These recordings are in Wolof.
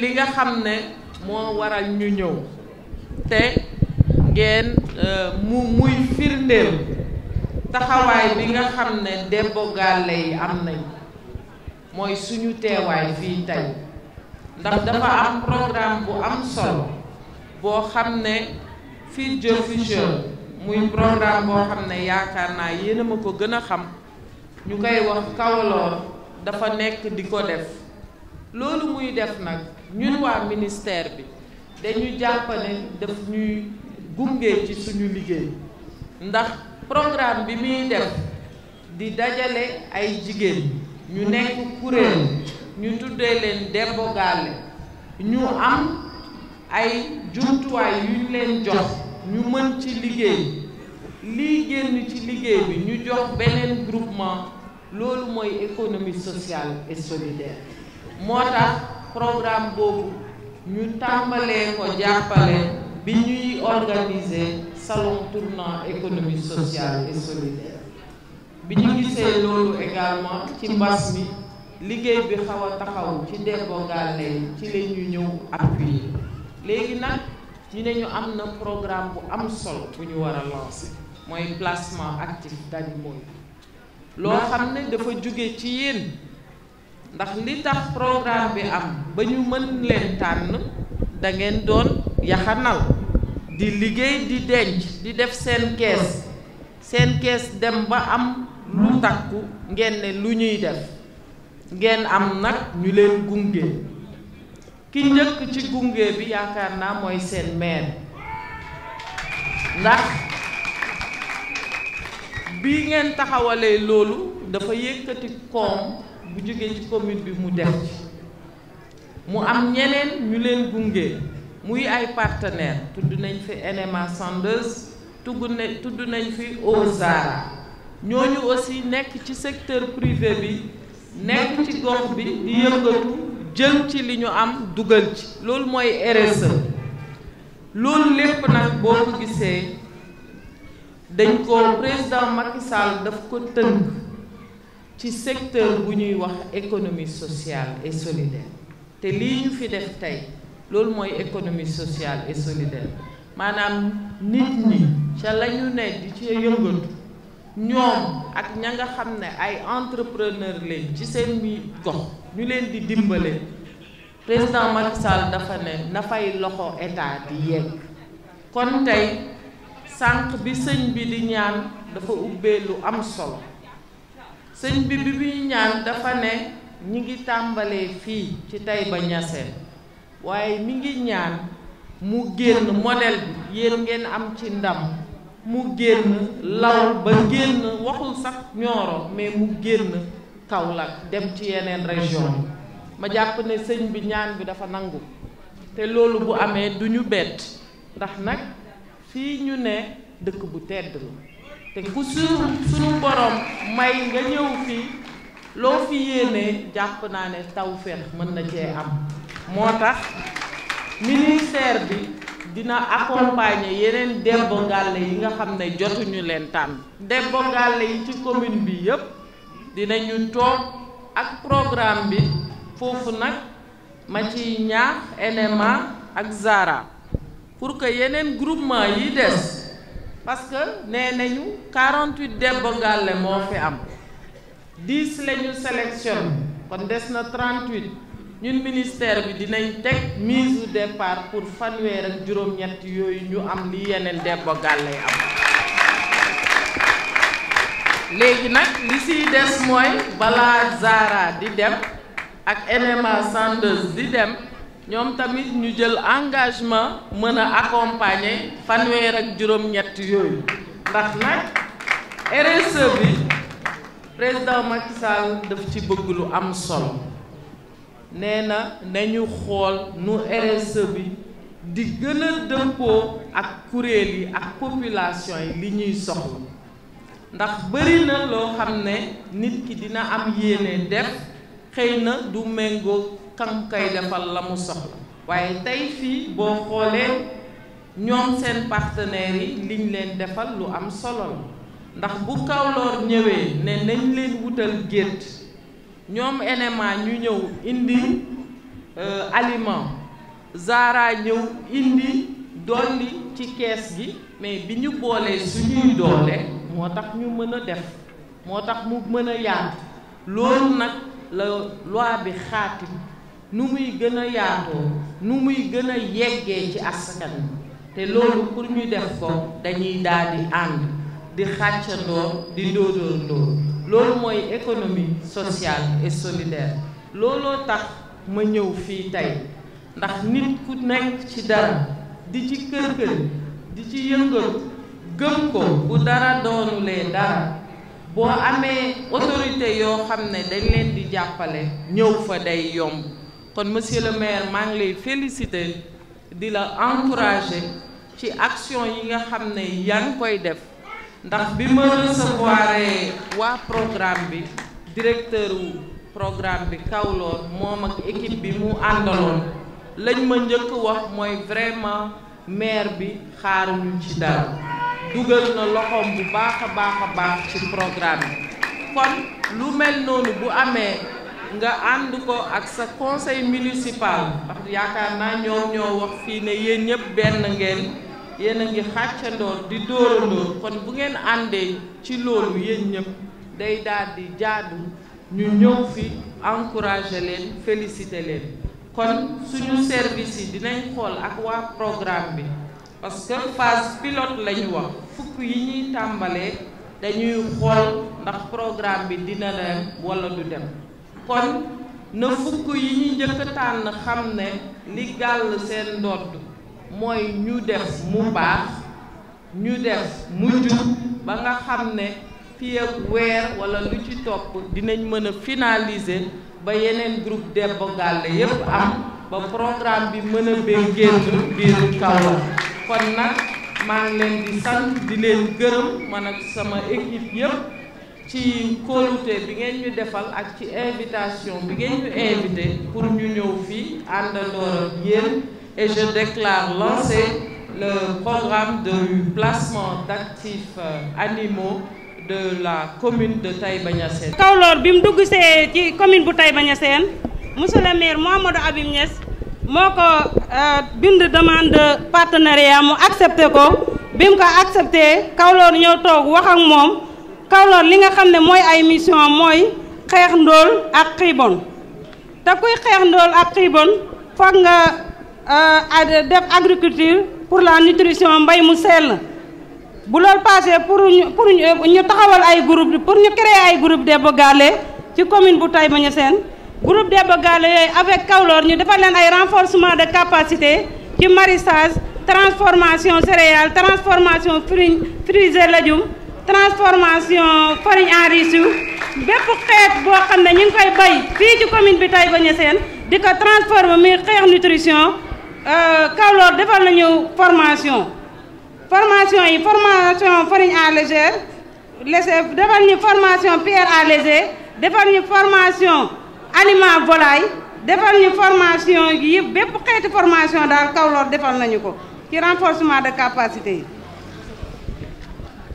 li nga xam ne moo waral ñu ñëw te ngeen euh, mu muy firndeel taxawaay bi nga xam ne Demba Gallé yi am nañ mooy suñu teewaay fii tey ndax dafa am programme bu am solo boo xam ne Feed the Future muy programme boo xam ne yaakaar naa yéen ma ko gën a xam ñu koy wax Kawolor dafa nekk di ko def loolu muy def nag ñun waa ministère bi dañu jàpp ne daf ñuy gunge ci suñu liggéey ndax programme bi muy def di dajale ay jigéen ñu nekk kuréel ñu tuddee leen Dembo ñu am ay jumtuwaay yu ñu leen jox ñu mën ci liggéey lii génn ci liggéey bi ñu jox beneen groupement loolu mooy économie sociale et solidaire moo tax programme boobu ñu tàmbalee ko jàppale bi ñuy organiser salon tournant économie sociale et solidaire bi ñu gisee loolu également ci mbas mi liggéey bi xaw taxawu taxaw ci Demba Gallé ci la ñu ñëw appui léegi nag ñu ne ñu am na programme bu am sol bu ñu war a mooy placement actif d'animaux yi loo xam ne dafa jóge ci yéen ndax li tax programme bi am ba ñu mën leen tànn da ngeen doon yaxanal di liggéey di denc di def seen kees seen kees dem ba am lu takku ngeen ne lu ñuy def ngeen am nag ñu leen gunge ki njëkk ci gunge bi yaakaar naa mooy seen maire ndax bi ngeen taxawalee loolu dafa yëkkati koom bu jógee ci commune bi mu def mu am ñeneen ñu leen gunge muy ay partenaires tudd nañ fi NMA Sandeuse tudd na tudd nañ fi Ozara ñooñu aussi nekk ci secteur privé bi nekk ci gox bi di yëngatu jël ci li ñu am dugal ci loolu mooy RSE loolu lépp nag boo ko gisee dañ ko président Macky Sall daf ko tënk ci secteur bu ñuy wax économie sociale et solidaire te lii ñu fi def tey loolu mooy économie sociale et solidaire maanaam nit ñi ca lañu ñu ne di ci yëngatu ñoom ak ña nga xam ne ay entrepreneur lañ ci seen mi gox ñu leen di dimbale président Macky dafa ne na loxo état di yegg kon tey sànq bi sëñ bi di ñaan dafa ubbee lu am sol sëñ bi bi ñaan dafa ne ñu ngi tàmbalee fii ci Taïba Niassène waaye mi ngi ñaan mu génn modèle bi yéen ngeen am ci ndam mu génn law ba génn waxul sax Nioro mais mu génn Kaolack dem ci yeneen région ma jàpp ne sëñ bi ñaan bi dafa nangu te loolu bu amee du ñu bett ndax nag fii ñu ne dëkk bu tedd la te ku su suñu borom may nga ñëw fii loo fi yéenee jàpp naa ne tawféex mën na cee am moo tax ministère bi dina accompagner yeneen debbo ngàlle yi nga xam ne jotuñu leen tànn debbo ngàlle yi ci commune bi yépp dinañu toog ak programme bi foofu nag ma ci ñaax NMA ak Zara pour que yeneen groupement yi des parce que nee nañu 48 Demba Ngale moo fi am 10 la ñu sélectionné kon des na 38 ñun ministère bi dinañ teg mise au départ pour fanweer ak juróom-ñett yooyu ñu am li yeneen Demba Ngale am. léegi nag li siy des mooy balaa Zara di dem ak NMA 102 di dem. ñoom tamit ñu jël engagement mën a accompagner fanweer ak juróom-ñett yooyu ndax nag RSE bi président Macky Sall daf ci bëgg lu am solo nee na nañu xool nu RSE bi di gën a ak kuréel yi ak population yi li ñuy soxla ndax bëri na loo xam ne nit ki dina am yéene def xëy na du méngoo kan kay defal la mu soxla waaye tey fii boo xoolee ñoom seen partenaires yi liñ leen defal lu am solo ndax bu Kawloor ñëwee ne nañ leen wutal gétt ñoom NMA ñu ñëw indi euh, aliment Zara ñëw indi dolli ci kees gi mais bi ñu boolee suñuy doole moo tax ñu mën a def moo tax mu mën a yaatu loolu nag la loi bi xaatim nu muy gën a yaatoo nu muy gën a yeggee ci bi te loolu pour ñu def ko dañuy daal di ànd di xàccandoo di ndóodóorndóor loolu mooy économie sociale et solidaire looloo tax ma ñëw fii tey ndax nit ku nekk ci dara di ci kër kër di ci yëngatu gëm ko bu dara doonulee dara boo amee autorité yoo xam ne dañ leen di jàppale ñëw fa day yomb kon monsieur le maire maa ngi lay féliciter di la encourager ci action yi nga xam ne yaa ngi koy def ndax bi ma recevoir waa programme bi directeur wu programme bi Kawloor moom ak équipe bi mu àndaloon lañ ma njëkk wax mooy vraiment maire bi xaaruñu ci dara dugal na loxoom bu baax a baax a baax ci programme bi kon lu mel noonu bu amee nga ànd ko ak sa conseil municipal ndax yaakaar naa ñoom ñoo wax fii ne yéen ñëpp benn ngeen yéen a ngi xàccandoor di dóorandoor kon bu ngeen àndee ci loolu yéen ñëpp day daal di jaadu ñu ñëw fi encourager leen féliciter leen kon suñu service yi dinañ xool ak waa programme bi parce que phase pilote la ñu wax fukk yi ñuy tàmbalee dañuy xool ndax programme bi dina dem walla du dem kon na fukk yi ñu njëkk tànn xam ne li gàll seen ndodd mooy ñu def mu baax ñu def mu jub ba nga xam ne fii ak weer wala lu ci topp dinañ mën a finaliser ba yeneen groupe Demba Galle yépp am ba programme bi mën a bee génn biir Kaolack kon nag maa leen di sant di leen gërëm man ak sama équipe yépp ci kóolute bi ngeen ñu defal ak ci invitation bi ngeen ñu invité pour ñu ñëw fii àndandoor ak yéen et je déclare lancé le programme de placement d'actifs animaux de la commune de Taïba Niassène Kawloor bi mu dugg see ci commune bu Taïba Niassène monsieur le maire Mouhamadou Abib Niass moo ko euh, bind demande de partenariat mu accepté ko bi mu ko accepté Kawloor ñëw toog wax ak moom Kawlax li nga xam ne mooy ay mission mooy xeex ndool ak xiibon te kuy xeex ndóol ak xiibon foog nga euh, def agriculture pour la nutrition mbay mu sell bu loolu passé pour ñu pour ñu taxawal ay groupe pour ñu créer ay groupe de Bogale ci commune bu Taïba Niassène groupe de Bogale yooyu avec Kawlax ñu defal leen ay renforcement de capacité ci maraîchage transformation céréales transformation fruits fruits et légumes transformation farine enrichie bépp xeet boo xam ne ñu ngi koy bay fii ci commune bi Taïba Niassène di ko transformer muy xeex nutrition euh, Kawloor defal nañu formation formation yi formation farine en légère léger defal ñu formation pierre en léger defal ñu formation aliment volaille defal ñu formation yi bépp xeeti formation daal Kawloor defal nañu ko ci renforcement de capacité yi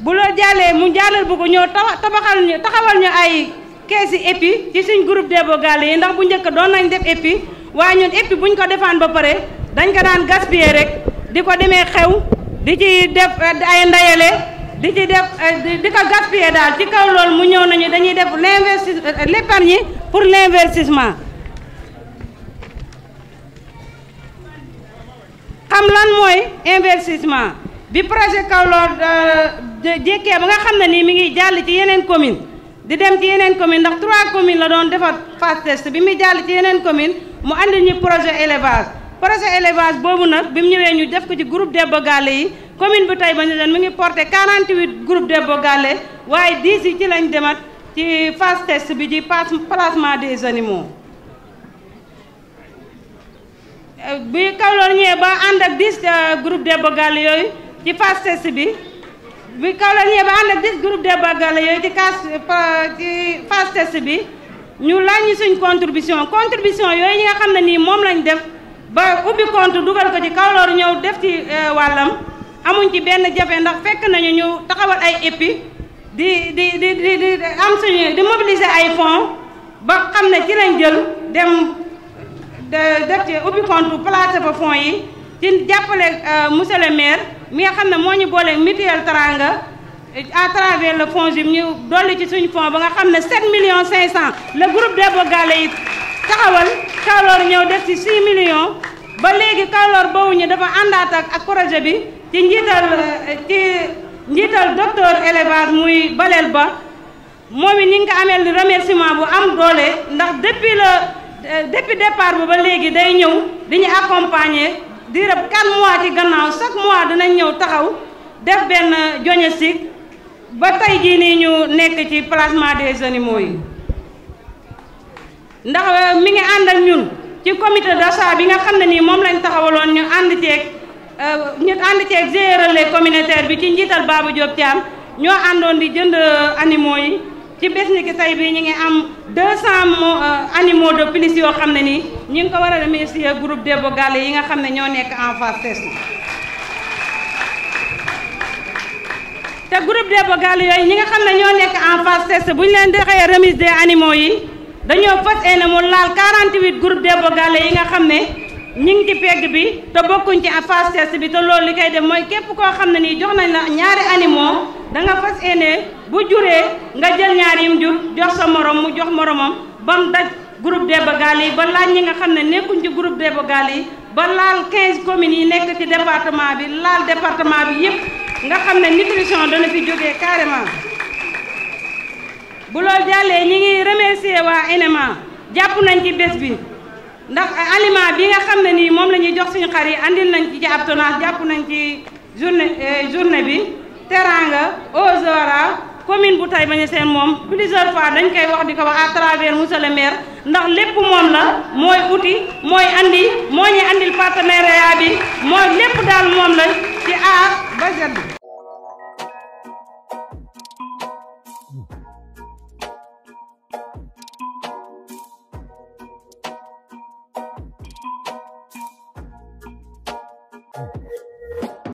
bu loolu jàllee mu jàllal bu ko ñoo tabaxal ñu taxawal ñu ay keesi épi ci siñ groupe des Bogalle yi ndax bu njëkk doon nañ def épi waaye ñun épi buñ ko defaan ba pare dañ ko daan gaspiller rek di ko demee xew di ci def eh, ay ndayale di ci def eh, di ko gaspiller daal ci kaw loolu mu ñëw nañu dañuy def l'investi euh, l'épargne pour l'investissement xam lan mooy investissement bi projet Kaolack euh, jékkee ba nga xam ne nii mi ngi jàll ci yeneen commune di dem ci yeneen commune ndax trois communes la doon defar phase bi muy jàll ci yeneen commune mu andi ñi projet élevage projet élevage boobu nag bi mu ñëwee ñu def ko ci groupe Debbo Galle yi commune bi tey ba ñu leen mu ngi porté 48 groupe Debbo Galle waaye 10 yi ci lañ demat ci phase test bi ci placement des animaux euh, bi kaw loolu ba ànd ak 10 euh, groupe Debbo Galle yooyu ci phase test bi bi Kaolack ñëwee ba ànd ak 10 groupes de bagala yooyu ci cas ci phase bi ñu laaj ñu suñ contribution contribution yooyu ñi nga xam na nii moom lañu def ba ubbi compte dugal ko ci Kawlor ñëw def ci euh, wàllam amuñ ci benn jafe ndax fekk nañu ñu taxawal ay épi di di di di di am suñu di mobiliser ay fonds ba xam ne ci lañ jël dem def ci ubbi compte placer fa yi ci jàppale euh, monsieur le maire. mi nga xam ne moo ñu boole mutuelle Teranga à travers le FONGIP ñu dolli ci suñu fond ba nga xam ne million cinq 500 le groupe des Bogalé it taxawal Kawlor ñëw def ci 6 million ba léegi Kawlor boobu ñu dafa àndaat ak projet bi ci njiital ci njiital docteur élevage muy Balel Ba moom it ñu ngi ko ameel remerciement bu am doole ndax depuis la euh, depuis départ bu ba léegi day ñëw di ñu accompagner. diirab 4 mois ci gannaaw chaque mois dinañ ñëw taxaw def benn diagnostic ba tey jii nii ñu nekk ci placement des animaux yi ndax euh, mi ngi ànd ak ñun ci comité d'achat bi nga xam ne nii moom lañ taxawaloon ñu ànd ceeg euh, ñu ànd ceeg GRL communautaire bi ci njiital baabu Diop Thiam ñoo àndoon di jënd euh, animaux yi ci bés ni ki tey bi ñu ngi am 200 animaux de plus yoo xam ne nii ñu ko war a remercier groupe Debbo yi nga xam ne ñoo nekk en face tes te groupe Debbo Galle yooyu ñi nga xam ne ñoo nekk en face tes bu ñu leen dexee remise des animaux yi dañoo fas yéene mu laal 48 groupe Debbo Galle yi nga xam ne ñi ngi ci pegg bi te bokkuñ ci phase test bi te loolu li koy def mooy képp koo xam ne nii jox nañ la ñaari animaux da nga fas yéene bu juree nga jël ñaar yim jur jox sa morom mu jox moromam ba mu daj groupe Demba Gaal yi ba laaj ñi nga xam ne nekkuñ ci groupe Demba Gaal yi ba laal 15 communes yi nekk ci département bi laal département bi yëpp nga xam ne nutrition dana fi jógee carrément bu loolu jàllee ñi ngi remercier waa NMA jàpp nañ ci bés bi ndax aliment bi nga xam ne nii moom la ñuy jox suñu xar yi andil nañ ci ci ab tonnage jàpp nañ ci journée euh, journée bi teranga Ozora commune bu Taïba seen moom plusieurs fois dañ koy wax di ko wax à travers monsieur le maire ndax lépp moom la mooy uti mooy indi moo ñu andil partenariat bi mooy lépp daal moom la ci A ba Z.